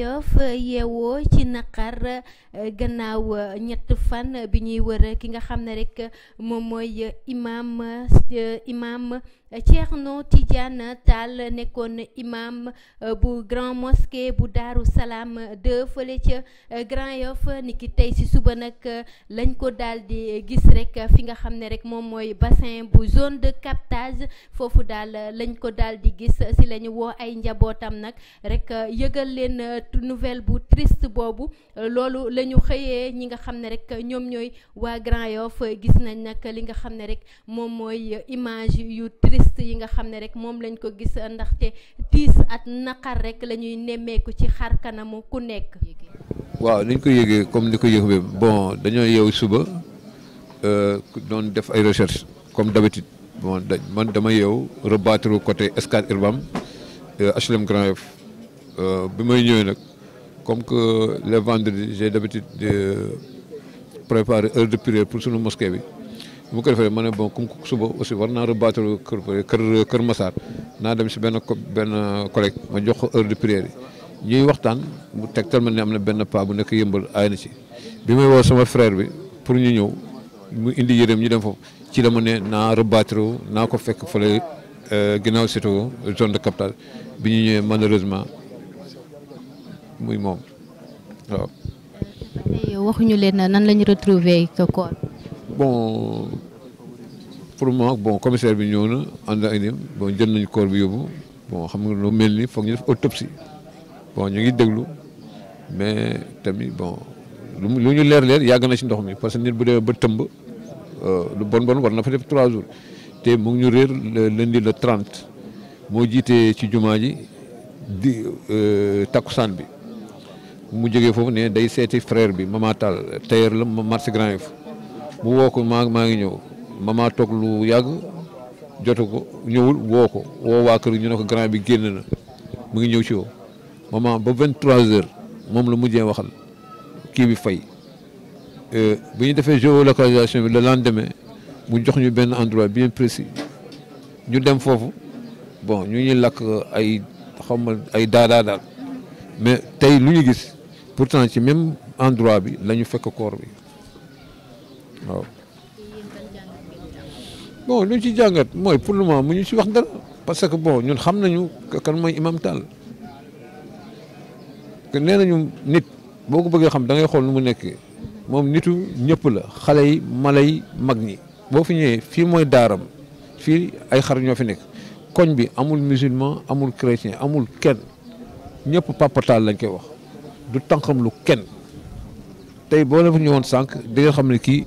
Yoff yewo ci nakar eh, gannaaw ñett fan eh, bi ñuy wër ki nga xamne rek eh, mom moy imam imam Tcherno Tidiane tal n'ekon imam euh, bu grand mosquée bu Salam de fële euh, Grand Yoff ni ki tey si suba euh, lañ bassin bu zone de captage fofu dal lañ ko di gis si la Botamnak ay rek yëgal Tu nouvelle bu triste Bobu lolu la ñu ñi nga Grand Yoff gis nañ nag li image yu triste yi nga xam ne rek moom lañ ko gis ndaxte tiis at naqar rek la nemmeeku ci xar kanamu ku nekk. waaw nañ ko yëgee comme ni ko yëgee bon dañoo yeew suba euh, doon def ay recherche comme d'habitude bon man dama yeew rebattre côté Scat Urbam HLM euh, Grand Yoff euh, bi may ñëwee nag comme que le vendredi j'ai d'habitude préparer heure de prière pour sunu mosquée bi. bu ma ko defee ne bon comme suba aussi war naa rebattre kër kër kër Massar naa dem si benn benn ma jox ko heure de prière yi ñuy waxtaan mu tegtal ma ne am na benn paa bu nekk yëmbal aay na ci bi may woo sama frère bi pour ñu ñëw mu indi yërëm ñu dem foofu ci la ma ne naa rebattre naa ko fekk fële euh, ginnaaw surtout zone de captage bi ñu ñëwee malheureusement muy moom waaw. bon pour bon commissaire bi ñëw na ànd ak ñoom bon jël nañu corps bi yóbbu bon xam nga lu mel ni foog ñu def autopsie bon ñu ngi déglu mais tamit bon lu ñu leer leer yàgg na ci ndox mi parce que nit bu demee ba tëmb euh, lu bon bon war na fa def trois jours te mu ñu réer lundi le 30 moo jiitee ci jumaa ji di euh, takkusaan bi mu jógee foofu ne day seeti frère bi Mama Tall tailleur la marché Grand Yoff mu woo ko maa maa ngi ñëw mama toog lu yàgg jotu ko ñëwul woo ko woo waa kër ñu ne ko grand bi génn na mu ngi ñëw ci yow maman ba vingt trois h moom la mujjee waxal kii bi fay euh, bu ñu defee géolocalisation bi le lendemain mu jox ñu benn endroit bien précis ñu dem foofu bon ñu ñu lakk ay xam ma ay daadaa daal mais tey lu ñu gis pourtant ci même endroit bi lañu fekk koor bi. waaw. bon lu ñu ci jàngat mooy pour le moment mu ñu ci wax dara parce que boo ñun xam nañu kan mooy imam Tall que nee nañu nit boo ko bëggee xam da ngay xool nu mu nekkee moom nitu ñëpp la xale yi mala yi mag ñi boo fi ñëwee fii mooy daaram fii ay xar ñoo fi nekk koñ bi amul musulman amul chrétien amul kenn ñëpp Papa Tall lañ koy wax du tànqam lu kenn tey boo leen fa ñëwoon sànq di xam ne kii.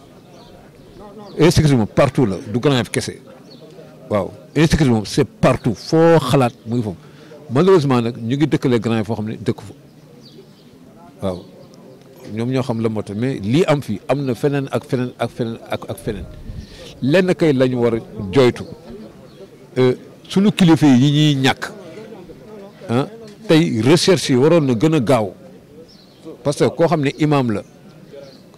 insécurité moom partout là du Grand Yoff waaw insécurité c'est partout fo xalat muy fo malheureusement nak ñu ngi dëkkalee Grand fo foo xam ne dëkk fa waaw ñom ñoo xam la moo mais li am fi am na feneen ak fenen ak fenen ak ak fenen lenn kay lañu war joytu euh suñu kilifa yi ñi ñak hein ah, tay recherche yi waroon na gëna a gaaw parce que ko xam imam la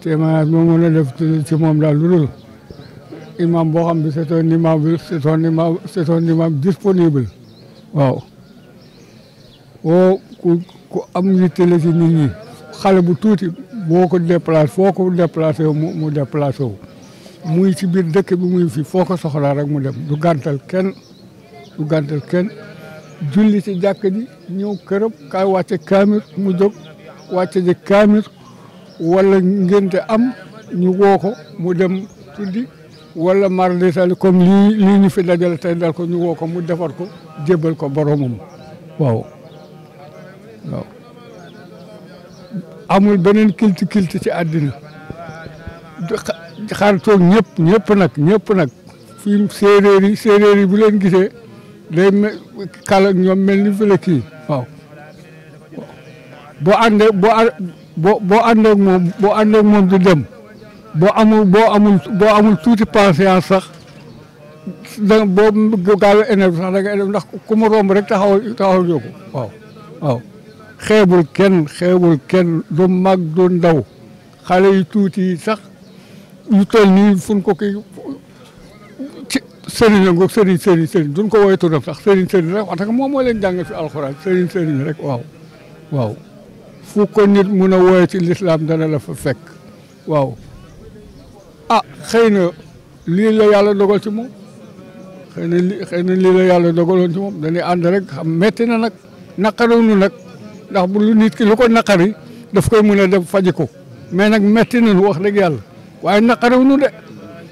témoignage moom mën a def ci moom daal lu dul imam boo xam bi c'est un imam c'est un imam c'est un imam disponible waaw woo ku ku am yitte ci nit xale bu tuuti boo ko déplacé foo ko déplacé mu mu déplacé wu muy ci biir dëkk bi muy fi foo ko soxlaa rek mu dem du gàntal kenn du gàntal kenn julli ci jàkk ji ñëw këram kaay wàcce kaamir mu jóg wàcce ji kaamir wala ngénte am ñu woo ko mu dem tuddi wala mar d'Italie lii lii ñu fi dajale tey dal ko ñu woo ko mu defar ko jébbal ko boromam waaw waaw amul beneen kilti kilti ci àddina xaritoog ñëpp ñëpp nag ñëpp nag fii séeréer yi séeréer yi bu leen gisee day kal ñoom mel ni fële kii waaw boo àndee boo boo boo àndee moom boo àndee ak moom du dem boo amul boo amul boo amul tuuti patience sax da boo gaaw a énerve sax da nga ndax ku mu rek taxaw taxaw jógu waaw waaw xeebul kenn xeebul kenn du mag doon ndaw xale yu tuuti sax yu toll nii fu ko kii ci sëriñ la ngoog sëriñ sëriñ ko woowee turam sax sëriñ sëriñ rek wax dëgg moom moo leen jàngal fi alxuraan sëriñ sëriñ rek waaw waaw fu ko nit mun a wooye ci lislaam dana la fa fekk waaw ah xëy na lii la yàlla dogal ci moom xëy na xëy na lii la yàlla dogaloon ci moom dañuy ànd rek xam metti na nag naqaroonu nag ndax bu lu nit ki lu ko naqari daf koy mun a dem faji ko mais nag metti nañu wax dëgg yàlla waaye naqaroonu de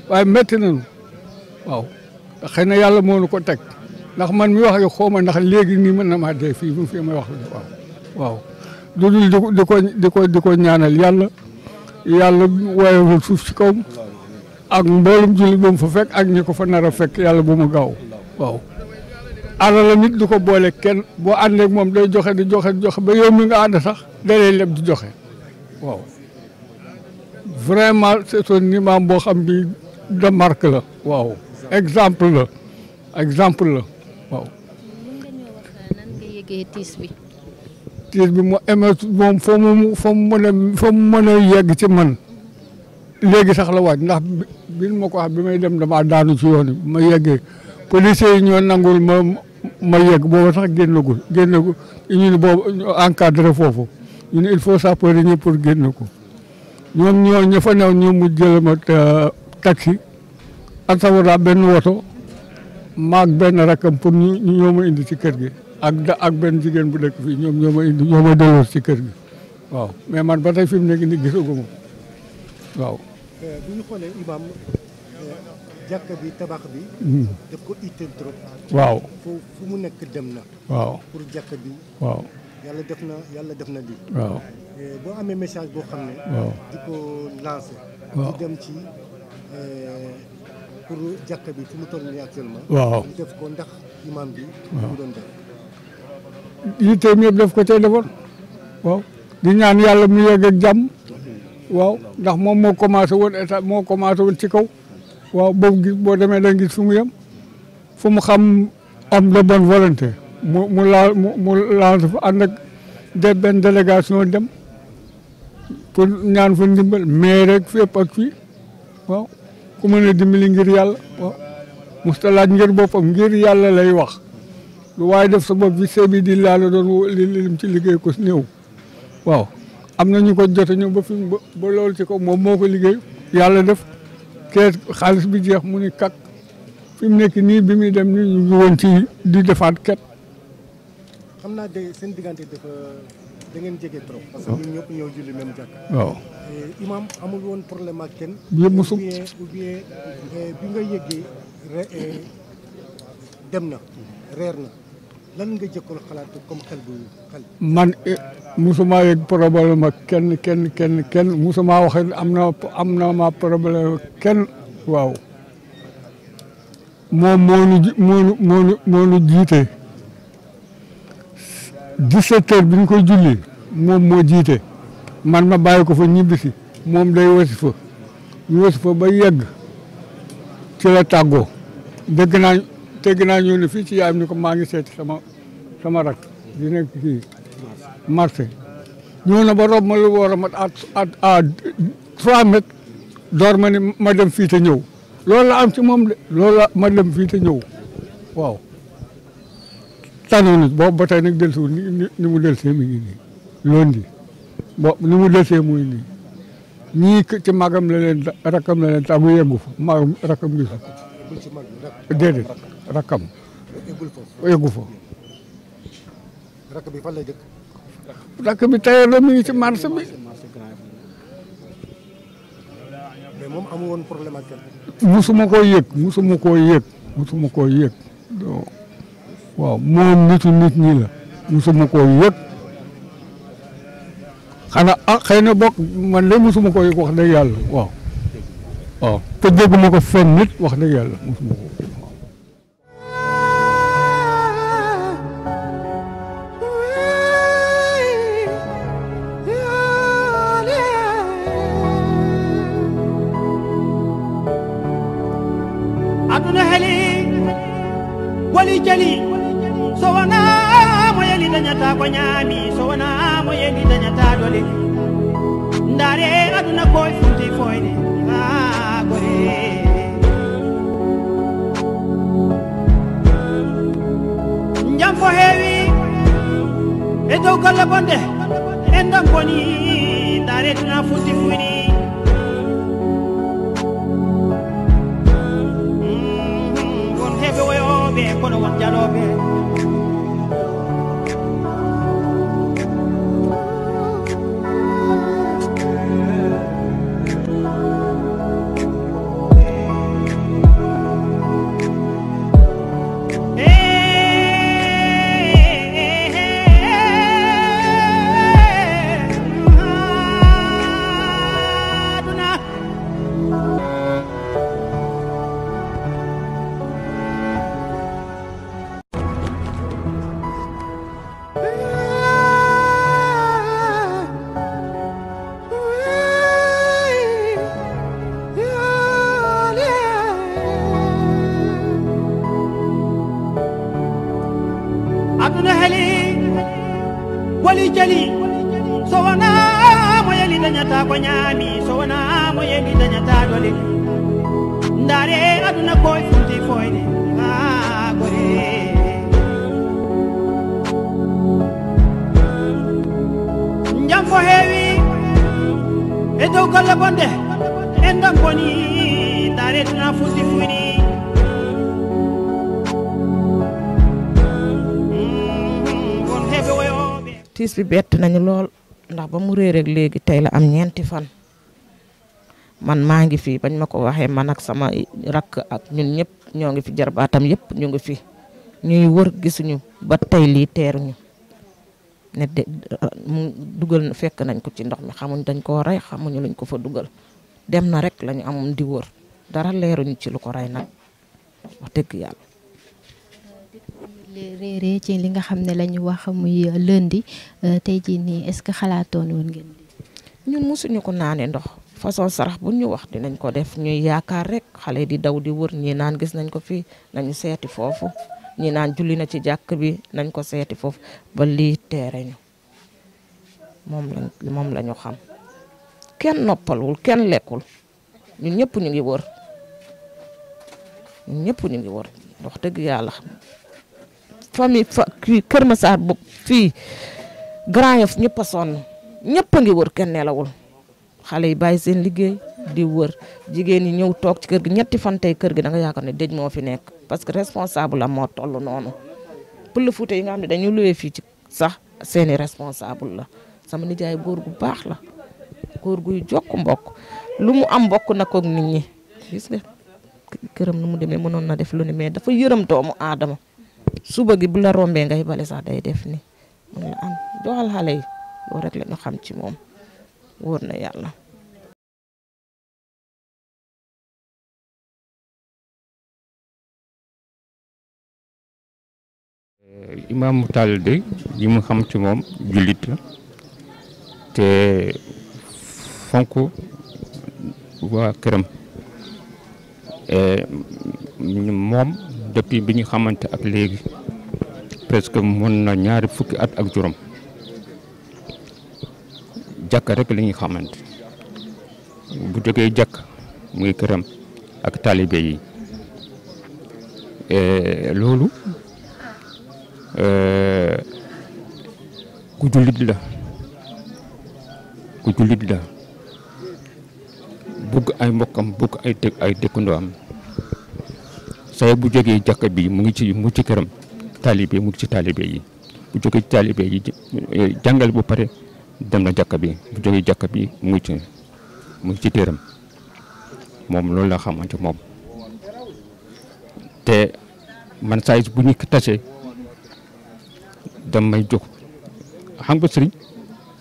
waaye metti nañu waaw ndax xëy na yàlla moo nu ko teg ndax man mi wax ak xaw ma ndax léegi nii mën na maa dee fii bu fi may wax waaw waaw lu dul di ko di ko di ko ñaanal yàlla yàlla woyofal suuf ci kaw ak mboolum jullit moom fa fek ak ñi ko fa nar a fekk yàlla bu mu gaaw waaw alal nit du ko boole kenn boo àndeek moom day joxe di joxe di joxe ba yow mi nga ànd sax da lay leb di joxe waaw vraiment c'est un imam boo xam bi de marque la waaw exemple la exemple la waaw. tiis tiis bi mu emet moom foo mu foo mu mën a yegg ci man léegi sax la waaj ndax bi ma ko wax bi may dem damaa daanu ci yoon ma yeggee policiers yi ñoo nangul ma ma yegg booba sax génnagul génnagul ñu ne boobu encadré foofu ñu ne il faut sapeur ñëpp pour génn ko ñoom ñoo ña fa ñu mu jël ma euh, taxi ak sawara benn woto maag benn rakam pour ñu ñoo indi ci kër gi ak da ak benn jigéen bu dëkk fii ñoom ñoo ma indi ci kër gi waaw mais man waaw. Euh, bu ñu imam euh, jàkka bi tabax bi. Hmm. daf ko itteel trop. waaw fu mu nekk dem na. waaw pour jàkka bi. waaw def na def na waaw euh, message boo xam diko waaw waaw dem ci. pour jàkka bi fu mu toll actuellement. waaw def ko ndax imam bi. mu doon def. yitteem yëpp def ko cay defoon waaw di ñaan yàlla mu yegg jàmm waaw ndax moom moo commencé woon état moo commencé woon ci kaw waaw boobu gis boo demee da gis fu mu yem fu mu xam am de bonne volonté mu mu laa mu mu lance fa ànd ak de dem pour ñaan fa ndimbal mais rek fépp ak fii waaw ku mën a ngir yàlla waaw musta laaj ngir boppam ngir yàlla lay wax lu waaye def sa bopp bi see di laa la doon li lim ci liggéey ko néew waaw am na ñu ko jote ñëw ba fi mu ba lool ci ko moom moo ko liggéey yàlla def kee xaalis bi jeex mu ni kak fi mu nekk nii bi muy dem ni ñu ngi woon ci di defaat ket xam naa de seen diggante dafa da ngeen jege parce que ñun ñëpp ñëw julli même jàkk. waaw eh, woon problème ak kenn. yëpp mosu ou bien ou bien eh, bi nga yëggee eh, na reer na. lan nga jëkkoon xalaat comme xel bu xel. man eh, musuma problème kenn kenn kenn kenn musuma wax am na am na ma problème kenn waaw moom moo ji moo jiite 17 heures bi ñu koy julli moom moo jiite man ma bàyyi ko fa ñibbisi moom day wasifa ñu wasifa ba yegg ci la tàggoo dégg dégg naa ñëw ne fii ci yaayam ni ko maa ngi seeti sama sama rak di nekk fii marché na ba rob ma lu war a mat à à trois mètres door ma ni ma dem fii te ñëw loolu am ci moom de loolu ma dem fii te ñëw waaw tànnoonu boobu ba tey nag dellusiwul ni ni mu dellusee mi ngi nii loon di ni mu dellusee muy nii ñii ci magam la leen rakkam la leen tàggu fa magam rakkam gisu déedéet rakkam. yeggu fa rakk bi fan bi tailleur la mi ngi ci marché bi. mais moom amu woon problème ak kenn. musuma koo yëg musuma koo yëg musuma koo yëg. waaw moom nitu nit la. musuma koo yëg. xanaa ah xëy na bokk man de musuma koo yëg wax dëgg yàlla waaw. waaw te dégguma ko fenn nit wax dëgg yàlla musuma jali so wona mo yeli dañata ko ñaami so wona mo yeli dañata dole ndaare aduna ko funti foyde ha gore jam ko heewi e dow golle bonde en dam boni ndaare duna funti fuyni ve, bueno, ya lo foyde ndaare aduna koye fulti foyde a gore jam heewi e dow golle bonde en ɗam boni ndaare duna fulti fuyni mm-hmm, tiis bett nañu lool ndax ba mu réer ak léegi tey la am ñeenti fan man maa ngi fi bañ mako ko man ak sama rak ak ñun ñëpp ñoo ngi fi jarbaatam yëpp ñu ngi fi ñuy wër gisunu ba tay li teeruñu ne de mu dugal fekk nañ ko ci ndox mi xamuñ dañ ko ray xamuñu luñ ko fa dugal dem na rek lañu am di wër dara leeruñ ci lu ko ray nak wax dëgg yàlla. réeré ci li nga xamne lañu wax muy euh, euh, lundi euh, tay ji ni est-ce que xalaatoon won ngeen. ñun musuñu ko naané ndox façon sarax bu ñu wax dinañ ko def ñuy yaakaar rek xale di daw di wër ñi naan gis nañ ko fii nañu seeti foofu ñi naan julli na ci jàkk bi nañ ko seeti foofu ba lii teere ñu moom lañ moom la ñu xam kenn noppalwul kenn lekkul ñun ñëpp ñu ngi wër ñëpp ñu ngi wër wax dëgg yàlla famille fa kii Kër Massar bopp Grand Yoff ñëpp a ñëpp ngi wër kenn nelawul xale yi bàyyi seen liggéey di wër jigéen ñi ñëw toog ci kër gi ñetti fan tay kër gi da nga yaakaar ne dëj moo fi nekk parce que responsable la moo toll noonu pël fuute yi nga xam ne dañu luwee fii ci sax seeni responsable la sama nijaay góor gu baax la góor guy jokk mbokk lu mu am mbokk na koog nit ñi gis nga këram nu mu demee mënoon na def lu ne mais dafa yërëm doomu aadama suba gi bu la rombee ngay bale sax day def ni am joxal xale yi loolu rek la ñu xam ci moom wóor na yàlla. imaamu taalibe li mu xam ci moom jullit la te fonk waa këram eh, moom depuis bi ñu xamante ak léegi presque mën na ñaari fukki at ak juróom jàkk rek li ñuy xamante bu dëggee jàkk muy këram ak taalibe yi eh, loolu eh, ku jullit la ku jullit la bugg ay mbokkam bugg ay dëkk ay dëkkandoo am say bu jógee jàkk bi mu ngi ci mu ci këram taalibe mu ngi ci taalibe yi bu jógee ci taalibe yi eh, jàngal bu pare dem na jàkka bi bu jógee jàkka bi mu ngi ci mu ngi moom loolu la xamante moom te man saa bu ñu tase damay jóg xam nga sëriñ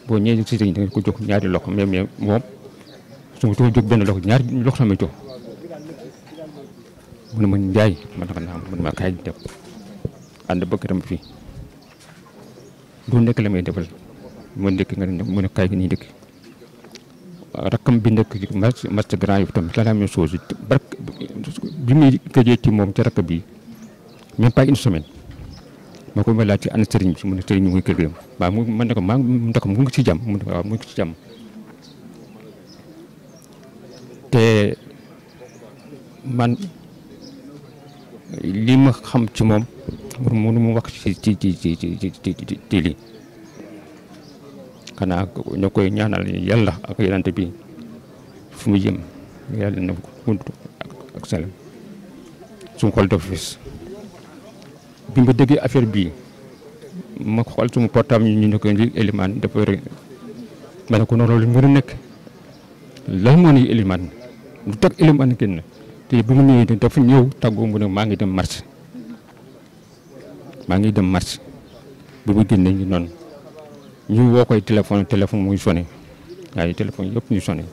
boo ñëwee si sëriñ da nga ko jóg ñaari loxo mais mais moom su ma jóg benn loxo ñaari loxo la may jóg mu ma njaay man naka naa ma ma kaay def ànd bëgg tam fii du nekk la may defal. moo ndëkk nga mu ne kaay gi nii ndëkk rakkam bi nekk mas mas grand yi tamit la la bi muy këjee ci moom ca rakk bi même pas une semaine ma ko ma laaj ci ana sëriñ bi mu ne kër gi waaw mu man ne ko maa ndox mu ngi ci jàmm mu ne waaw mu ngi ci jàmm te man li ma xam ci moom mënu mu wax ci ci kana ñu ñaanal yalla ak yonent bi fu mu jëm yalla na ko gudd ak salam sun xol dafa fees bi ma déggee affaire bi ma xol sun portable ñu ne ko eliman Elimane dafa yore ma ko noonu lu mën a nekk lan mo ni eliman lu tak eliman kenn te bu mu ñëw ñëwee dafa ñëw taggu mu ne ma ngi dem marché ma ngi dem marché bu bu génne ñu noonu ñu woo koy téléphone téléphone muy sonné waaye téléphone yëpp ñu sonné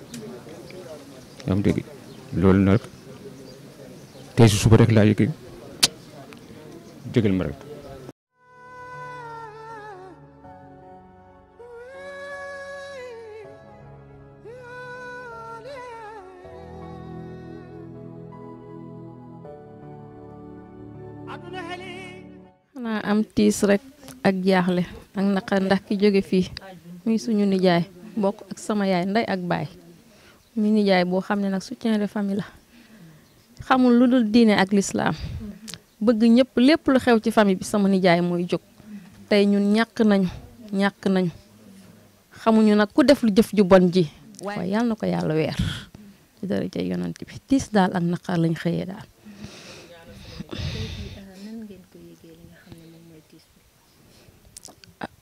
yaa ngi loolu nag tey si suba rek laa yëg jégal ma rek. am tiis rek. ak jaaxle ak naqar ndax ki jóge fii muy suñu nijaay bokk ak sama yaay ndey ak baay muy nijaay boo xam ne nag su de famille la xamul lu dul diine ak lislaam bëgg ñëpp lépp lu xew ci famille bi sama nijaay mooy jóg tey ñun ñàkk nañu ñàkk nañu xamuñu nag ku def lu jëf ju bon ji waaye yàlla na ko yàlla weer ci daraja yonent bi tiis daal ak naqar lañ xëyee daal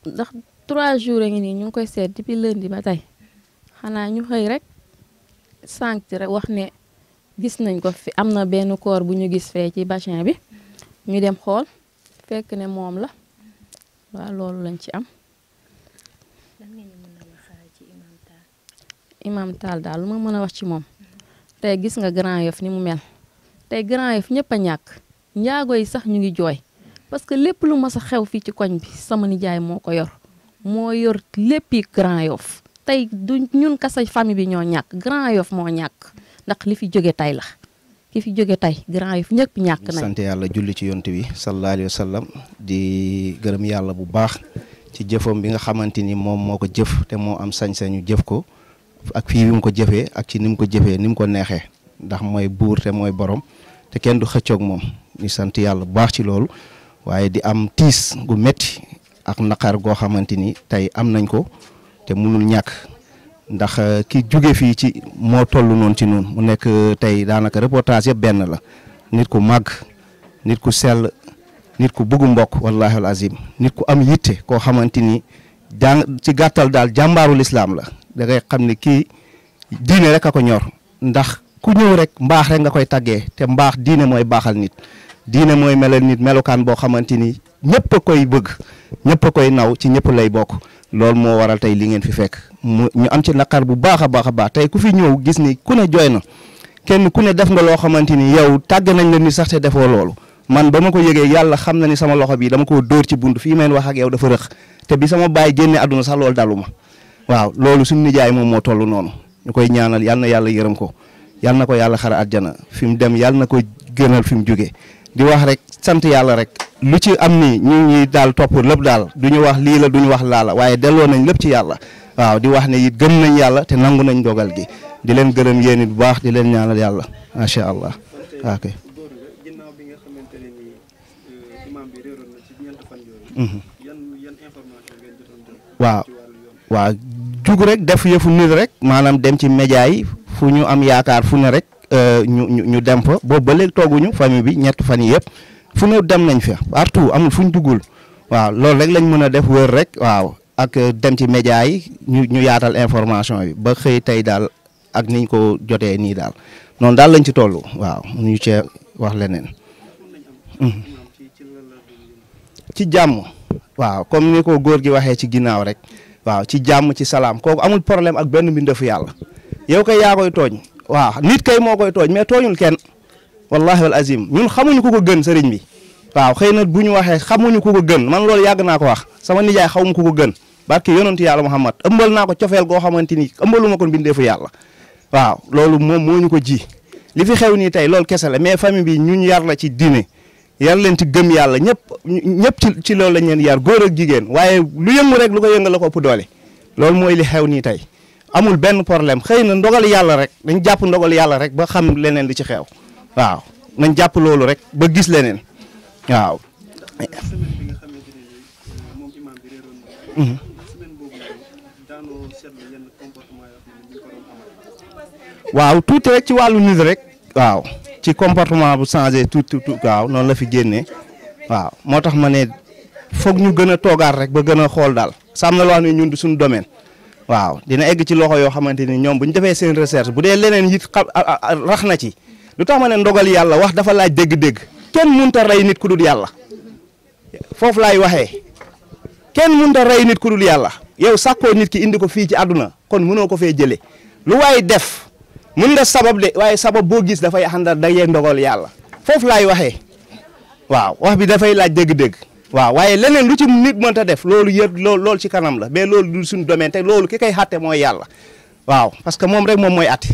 ndax trois jours a ngi nii ñu ngi koy seet depuis lundi ba tey xanaa ñu xëy rek sànq rek wax ne gis nañ ko fi am na benn koor bu ñu gis fee ci bassin bi ñu dem xool fekk ne moom la waaw loolu lañ ci am. lan Imam Tall. daal lu ma mën a wax ci moom. te gis nga Grand Yoff ni mu mel. te Grand Yoff ñëpp a ñàkk. njaago yi sax ñu ngi jooy. parce que lépp lu mas a xew fii ci koñ bi sama nijaay moo ko yor moo yor léppi Grand Yoff tey du ñun kasa famille bi ñoo ñàkk Grand Yoff moo ñàkk ndax li fi jóge tey la ki fi jóge tey Grand Yoff ñëpp ñàkk nañ sant yàlla julli ci yonte wi sallallahu alayhi wa sallam di gërëm yàlla bu baax ci jëfam bi nga xamante ni moom moo ko jëf te moo am sañ-sañu jëf ko ak fii bi mu ko jëfee ak ci ni mu ko jëfee ni mu ko neexee ndax mooy buur te mooy borom te kenn du xëccoog moom ñu sant yàlla bu baax ci loolu waaye di am tiis gu metti ak naqar goo xamante ni tey am nañ ko te munul ñàkk ndax euh, ki jóge fii ci moo toll noonu ci noonu mu nekk euh, tey daanaka reportage yëpp benn la nit ku màgg nit ku sell nit ku bëgg mbokk wallahi al azim nit ku am yitte koo xamante ni jàng ci gàttal daal jàmbaaru lislaam la da xam ni kii diine rek a ko ñor ndax ku ñëw rek mbaax rek nga koy taggee te mbaax diine mooy baaxal nit diine mooy melal nit melukaan boo xamante ni ñëpp koy bëgg ñëpp koy naw ci ñëpp lay bokk loolu moo waral tey li ngeen fi fekk mu ñu am ci naqar bu baax a baax a baax tey ku fi ñëw gis ni ku ne jooy na kenn ku ne def nga loo xamante ni yow tàgg nañ la ni sax te defoo loolu man ba ma ko yëgee yàlla xam na ni sama loxo bi dama ko dóor ci bunt fii may wax ak yow dafa rëq te bi sama baay génne àdduna sax loolu dalu ma waaw loolu suñu nijaay moom moo toll noonu ñu koy ñaanal yal na yàlla yërëm ko yal na ko yàlla xara àjjana fi mu dem yal na ko gënal fi mu jógee di wax rek sant yàlla rek lu ci am ni ñu daal topp lépp daal du ñu wax lii la du ñu wax laala waaye delloo nañ lépp ci yàlla waaw di wax ne it gëm nañ yàlla te nangu nañ dogal gi di leen gërëm yéen it bu baax di leen ñaanal yàlla macha allah ok. Mm-hmm. waaw waaw jug rek def yëfu nit rek maanaam dem ci média yi fu ñu am yaakaar fu ne rek. Euh, ñu ñu ñu dem fa boobu ba léegi tooguñu famille bi ñett fan yii yëpp fu ñu dem nañ fa partout amul fu ñu duggul waaw loolu rek lañ mën a def wër rek waaw ak euh, dem ci média yi ñu ñu yaatal information bi ba xëy tey daal ak niñ ko jotee nii daal noonu daal lañ ci toll waaw ñu cee wax leneen. Hmm. ci jàmm. waaw comme ni ko góor gi waxee ci ginnaaw rek waaw ci jàmm ci salaam kooku amul problème ak benn mbindeefu yàlla yow kay yaa koy tooñ waaw nit kay moo koy tooñ mais tooñul kenn wallahi wal azim ñun xamuñu ku ko gën sëriñ bi waaw xëy na bu ñu waxee xamuñu ku ko gën man loolu yàgg naa ko wax sama nijaay xawma ku ko gën barki yonentu yàlla Muhammad ëmbal naa ko cofeel goo xamante ni ëmbaluma ko bindeefu yàlla waaw loolu moom moo ñu ko ji li fi xew nii tey loolu kese la mais famille bi ñu yar la ci diine yar leen ci gëm yàlla ñëpp ñëpp ci ci loolu lañ leen yar góor ak jigéen waaye lu yëngu rek lu ko yëngal la ko ëpp doole loolu mooy li xew nii tey amul benn problème xëy na ndogal yàlla rek dañ jàpp ndogal yàlla rek ba xam leneen li ci xew waaw nañ jàpp loolu rek ba gis leneen waaw. Mhm. waaw tuuti rek ci wàllu nit rek. waaw ci comportement bu changé tuuti waaw noonu la fi génnee waaw moo tax ma ne foog ñu gën a toogaat rek ba gën a xool daal. sàmm na loo xam ñun di suñu domaine. waaw dina egg ci loxo yoo xamante ni ñoom bu ñu defee seen recherche bu dee leneen it rax na ci lu tax ma ne ndogal yàlla wax dafa laaj dégg-dégg kenn munta rey nit ku laay waxee kenn munta rey nit ku dul yàlla yow sàkkoo nit ki indi ko fii ci àdduna kon munoo ko fee jëlee lu waay def mun nga sabab de waaye sabab boo gis dafay àndal day yee ndogal yàlla foofu laay waxee waaw wax bi dafay laaj dégg-dégg waaw waaye leneen lu ci nit mënta def loolu yëpp loolu loolu ci kanam la mais loolu du suñu domaine te loolu ki koy xàtte mooy yàlla waaw parce que moom rek moom mooy àtte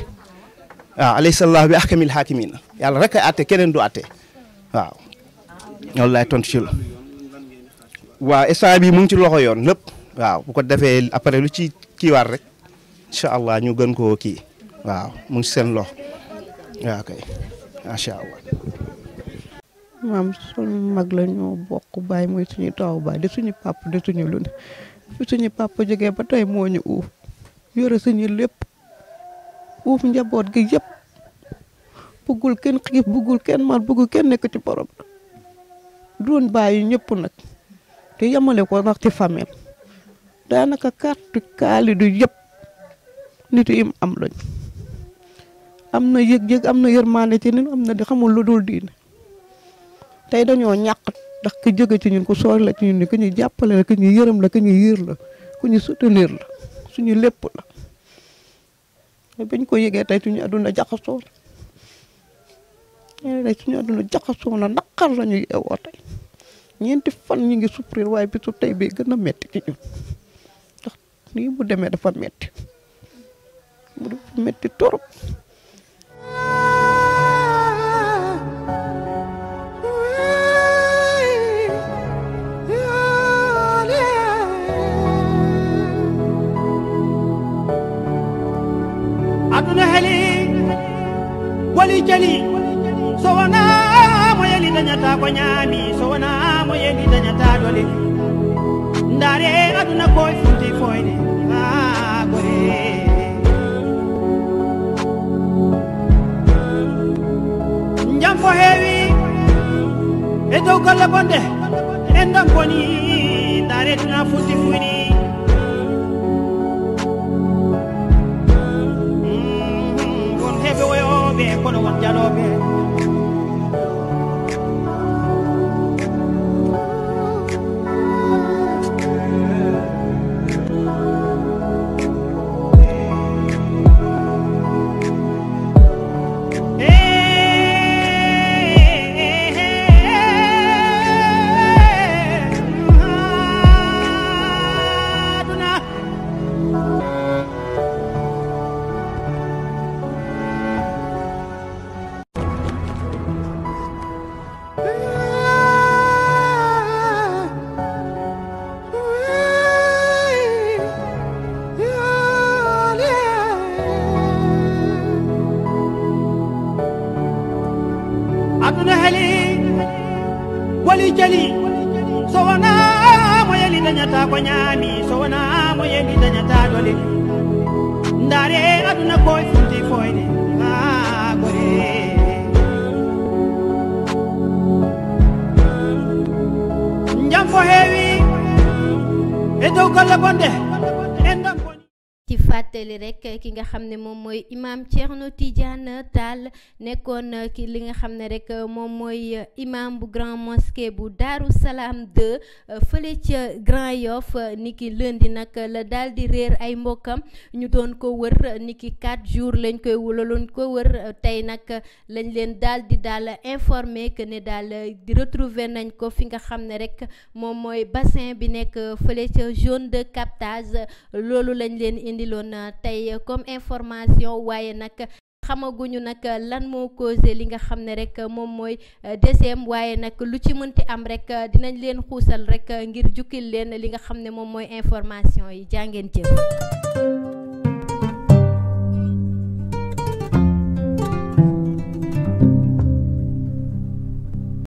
waaw alayhi salaahu bi ahkamil hakimin yàlla rek ay àtte keneen du ate waaw loolu laay tontu ci la waaw instant bi mu ngi ci loxo yoon lëpp waaw bu ko defee après lu ci kiiwaat rek incha allah ñu gën koo kii waaw mu ngi seen loxo waaw kay allah maam suñu mag la ñoo bokk baay mooy suñu taw baay di suñu papa di suñu lu ne fi suñu papa jógee ba tey moo ñu uuf yore suñu lépp uuf njaboot gi yëpp bëggul kenn xiif bëggul kenn mar bëggul kenn nekk ci borom doon bàyyi ñëpp nag te yemale ko nag ci famille daanaka kàttu kaalidu yëpp nit yi am lañ am na yëg-yëg am na yërmande ci nit am na di xamul lu dul diine tey dañoo ñàq ndax ku jóge ci ñun ku soor la ci ñun ni ku ñuy jàppale la ku ñuy yërëm la ku ñuy yiir la ku ñu soutenir la suñu lépp la te bañ ko yëgee tey suñu àdduna jaxasoo la tey suñu àdduna jaxasoo la naqar la ñu yeewoo tey ñeenti fan ñu ngi souffrir waaye bisu tey bi gën a metti ci ñun ndax nii bu demee dafa metti bu metti torop ابن هلي ولي جلي مو يلي مو يلي دولي aduna koy futi ah gore jam ko heewi e dow golle bonde tiempo, ya nga xam ne moom imam Thierno Tidiane tal nekkoon euh, ki li euh, euh, imam bu grand mosquée bu Daaru salam 2 Grand Yoff niki lundi nak la di ay ñu niki 4 jours lañ koy wulalon ko wër tay di informé que di retrouver bassin bi nek de captage lolu lañ comme information ñëw waaye nag xamaguñu nag lan moo causé li nga xam ne rek moom mooy euh, décem waaye nag lu ci mënti am rek euh, dinañ leen xuusal rek euh, ngir jukkil leen li nga xam ne moom mooy information yi jàngeen jëf